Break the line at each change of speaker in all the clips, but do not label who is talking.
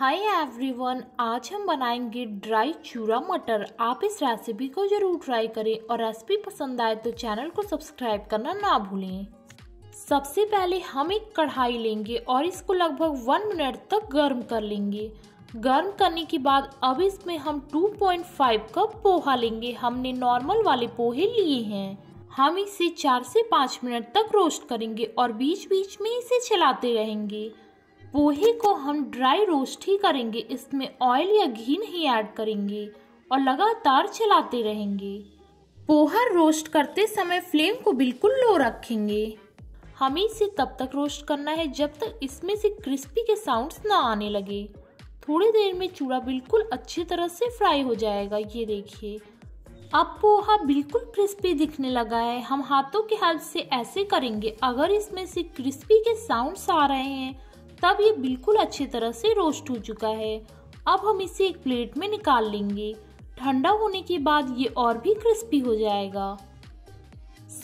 हाय everyone आज हम बनाएंगे ड्राई चूरा मटर आप इस रेसिपी को जरूर ट्राई करें और रेसिपी पसंद आए तो चैनल को सब्सक्राइब करना ना भूलें सबसे पहले हम एक कढ़ाई लेंगे और इसको लगभग वन मिनट तक गर्म कर लेंगे गर्म करने के बाद अब इसमें हम 2.5 कप पोहा लेंगे हमने नॉर्मल वाले पोहे लिए हैं हम इसे चार से पाँच मिनट तक रोस्ट करेंगे और बीच बीच में इसे चलाते रहेंगे पोहे को हम ड्राई रोस्ट ही करेंगे इसमें ऑयल या घी नहीं ऐड करेंगे और लगातार चलाते रहेंगे पोहा रोस्ट करते समय फ्लेम को बिल्कुल लो रखेंगे हमें इसे तब तक रोस्ट करना है जब तक इसमें से क्रिस्पी के साउंड्स ना आने लगे थोड़ी देर में चूड़ा बिल्कुल अच्छी तरह से फ्राई हो जाएगा ये देखिए अब पोहा बिल्कुल क्रिस्पी दिखने लगा है हम हाथों के हेल्प से ऐसे करेंगे अगर इसमें से क्रिस्पी के साउंड्स आ रहे हैं तब ये बिल्कुल अच्छी तरह से रोस्ट हो चुका है अब हम इसे एक प्लेट में निकाल लेंगे ठंडा होने के बाद ये और भी क्रिस्पी हो जाएगा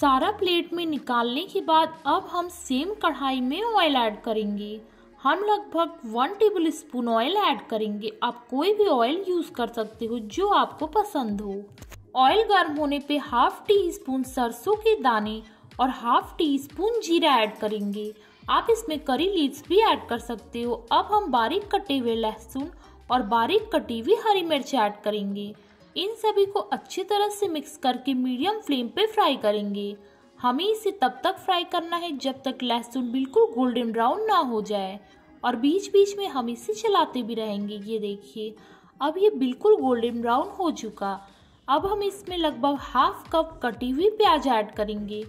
सारा प्लेट में निकालने के बाद अब हम सेम कढ़ाई में ऑयल ऐड करेंगे हम लगभग one tablespoon oil add करेंगे आप कोई भी ऑयल यूज़ कर सकते हो जो आपको पसंद हो ऑयल गर्म होने पे हाफ टी स्पून सरसों के दाने और हाफ टी स्पून जीरा ऐड करेंगे आप इसमें करी लीव्स भी ऐड कर सकते हो अब हम बारीक कटे हुए लहसुन और बारीक कटी हुई हरी मिर्च ऐड करेंगे इन सभी को अच्छी तरह से मिक्स करके मीडियम फ्लेम पे फ्राई करेंगे हमें इसे तब तक फ्राई करना है जब तक लहसुन बिल्कुल गोल्डन ब्राउन ना हो जाए और बीच बीच में हम इसे चलाते भी रहेंगे ये देखिए अब ये बिल्कुल गोल्डन ब्राउन हो चुका अब हम इसमें लगभग हाफ कप कटी हुई प्याज ऐड करेंगे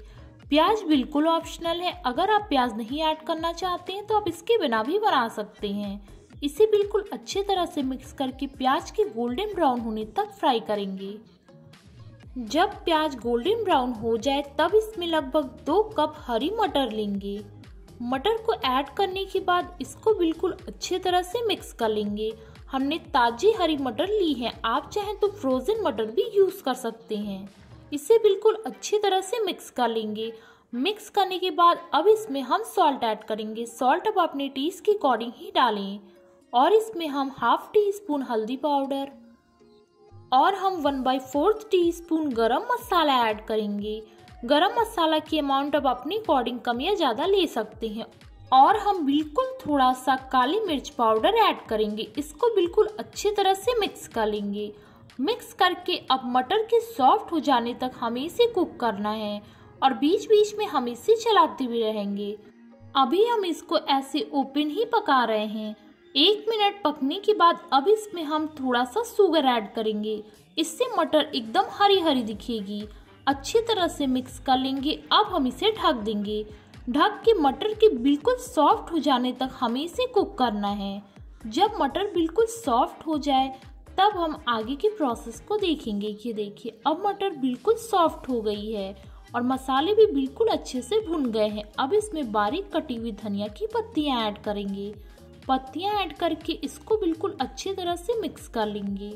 प्याज बिल्कुल ऑप्शनल है अगर आप प्याज नहीं ऐड करना चाहते हैं तो आप इसके बिना भी बना सकते हैं इसे बिल्कुल अच्छे तरह से मिक्स करके प्याज के गोल्डन ब्राउन होने तक फ्राई करेंगे जब प्याज गोल्डन ब्राउन हो जाए तब इसमें लगभग दो कप हरी मटर लेंगे मटर को ऐड करने के बाद इसको बिल्कुल अच्छे तरह से मिक्स कर लेंगे हमने ताज़ी हरी मटर ली है आप चाहें तो फ्रोज़न मटर भी यूज़ कर सकते हैं इसे बिल्कुल अच्छी तरह से मिक्स कर लेंगे मिक्स करने के बाद अब इसमें हम सॉल्ट ऐड करेंगे सॉल्ट अब अपने टीस के अकॉर्डिंग ही डालें और इसमें हम हाफ टी स्पून हल्दी पाउडर और हम one by fourth teaspoon garam masala add करेंगे गरम मसाला की अमाउंट अब अपने अकॉर्डिंग कम या ज़्यादा ले सकते हैं और हम बिल्कुल थोड़ा सा काली मिर्च पाउडर ऐड करेंगे इसको बिल्कुल अच्छी तरह से मिक्स कर लेंगे मिक्स करके अब मटर के सॉफ्ट हो जाने तक हमें इसे कुक करना है और बीच बीच में हम इसे चलाते भी रहेंगे अभी हम इसको ऐसे ओपन ही पका रहे हैं एक मिनट पकने के बाद अब इसमें हम थोड़ा सा सुगर ऐड करेंगे इससे मटर एकदम हरी हरी दिखेगी अच्छी तरह से मिक्स कर लेंगे अब हम इसे ढक देंगे ढक के मटर के बिल्कुल सॉफ्ट हो जाने तक हमें इसे कुक करना है जब मटर बिल्कुल सॉफ्ट हो जाए तब हम आगे की प्रोसेस को देखेंगे कि देखिए अब मटर बिल्कुल सॉफ्ट हो गई है और मसाले भी बिल्कुल अच्छे से भुन गए हैं अब इसमें बारीक कटी हुई धनिया की पत्तियाँ ऐड करेंगे पत्तियाँ ऐड करके इसको बिल्कुल अच्छी तरह से मिक्स कर लेंगे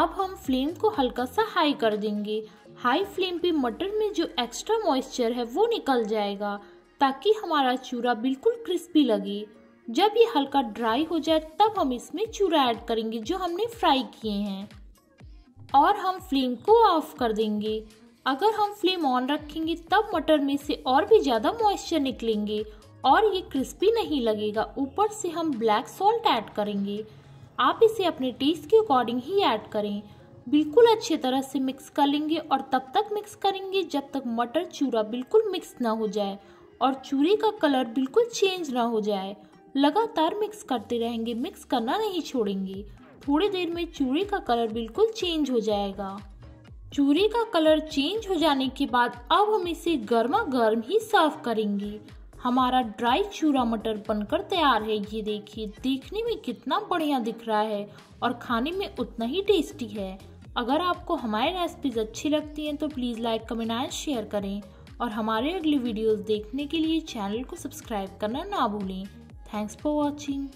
अब हम फ्लेम को हल्का सा हाई कर देंगे हाई फ्लेम पे मटर में जो एक्स्ट्रा मॉइस्चर है वो निकल जाएगा ताकि हमारा चूरा बिल्कुल क्रिस्पी लगे जब ये हल्का ड्राई हो जाए तब हम इसमें चूरा ऐड करेंगे जो हमने फ्राई किए हैं और हम फ्लेम को ऑफ कर देंगे अगर हम फ्लेम ऑन रखेंगे तब मटर में से और भी ज़्यादा मॉइस्चर निकलेंगे और ये क्रिस्पी नहीं लगेगा ऊपर से हम ब्लैक सॉल्ट ऐड करेंगे आप इसे अपने टेस्ट के अकॉर्डिंग ही ऐड करें बिल्कुल अच्छे तरह से मिक्स कर लेंगे और तब तक मिक्स करेंगे जब तक मटर चूरा बिल्कुल मिक्स ना हो जाए और चूरे का कलर बिल्कुल चेंज ना हो जाए लगातार मिक्स करते रहेंगे मिक्स करना नहीं छोड़ेंगे थोड़ी देर में चूड़ी का कलर बिल्कुल चेंज हो जाएगा चूड़ी का कलर चेंज हो जाने के बाद अब हम इसे गर्मा गर्म ही साफ करेंगे हमारा ड्राई चूरा मटर बनकर तैयार है ये देखिए देखने में कितना बढ़िया दिख रहा है और खाने में उतना ही टेस्टी है अगर आपको हमारी रेसिपीज़ अच्छी लगती हैं तो please like comment and share करें और हमारे अगली वीडियोस देखने के लिए चैनल को सब्सक्राइब करना ना भूलें Thanks for watching.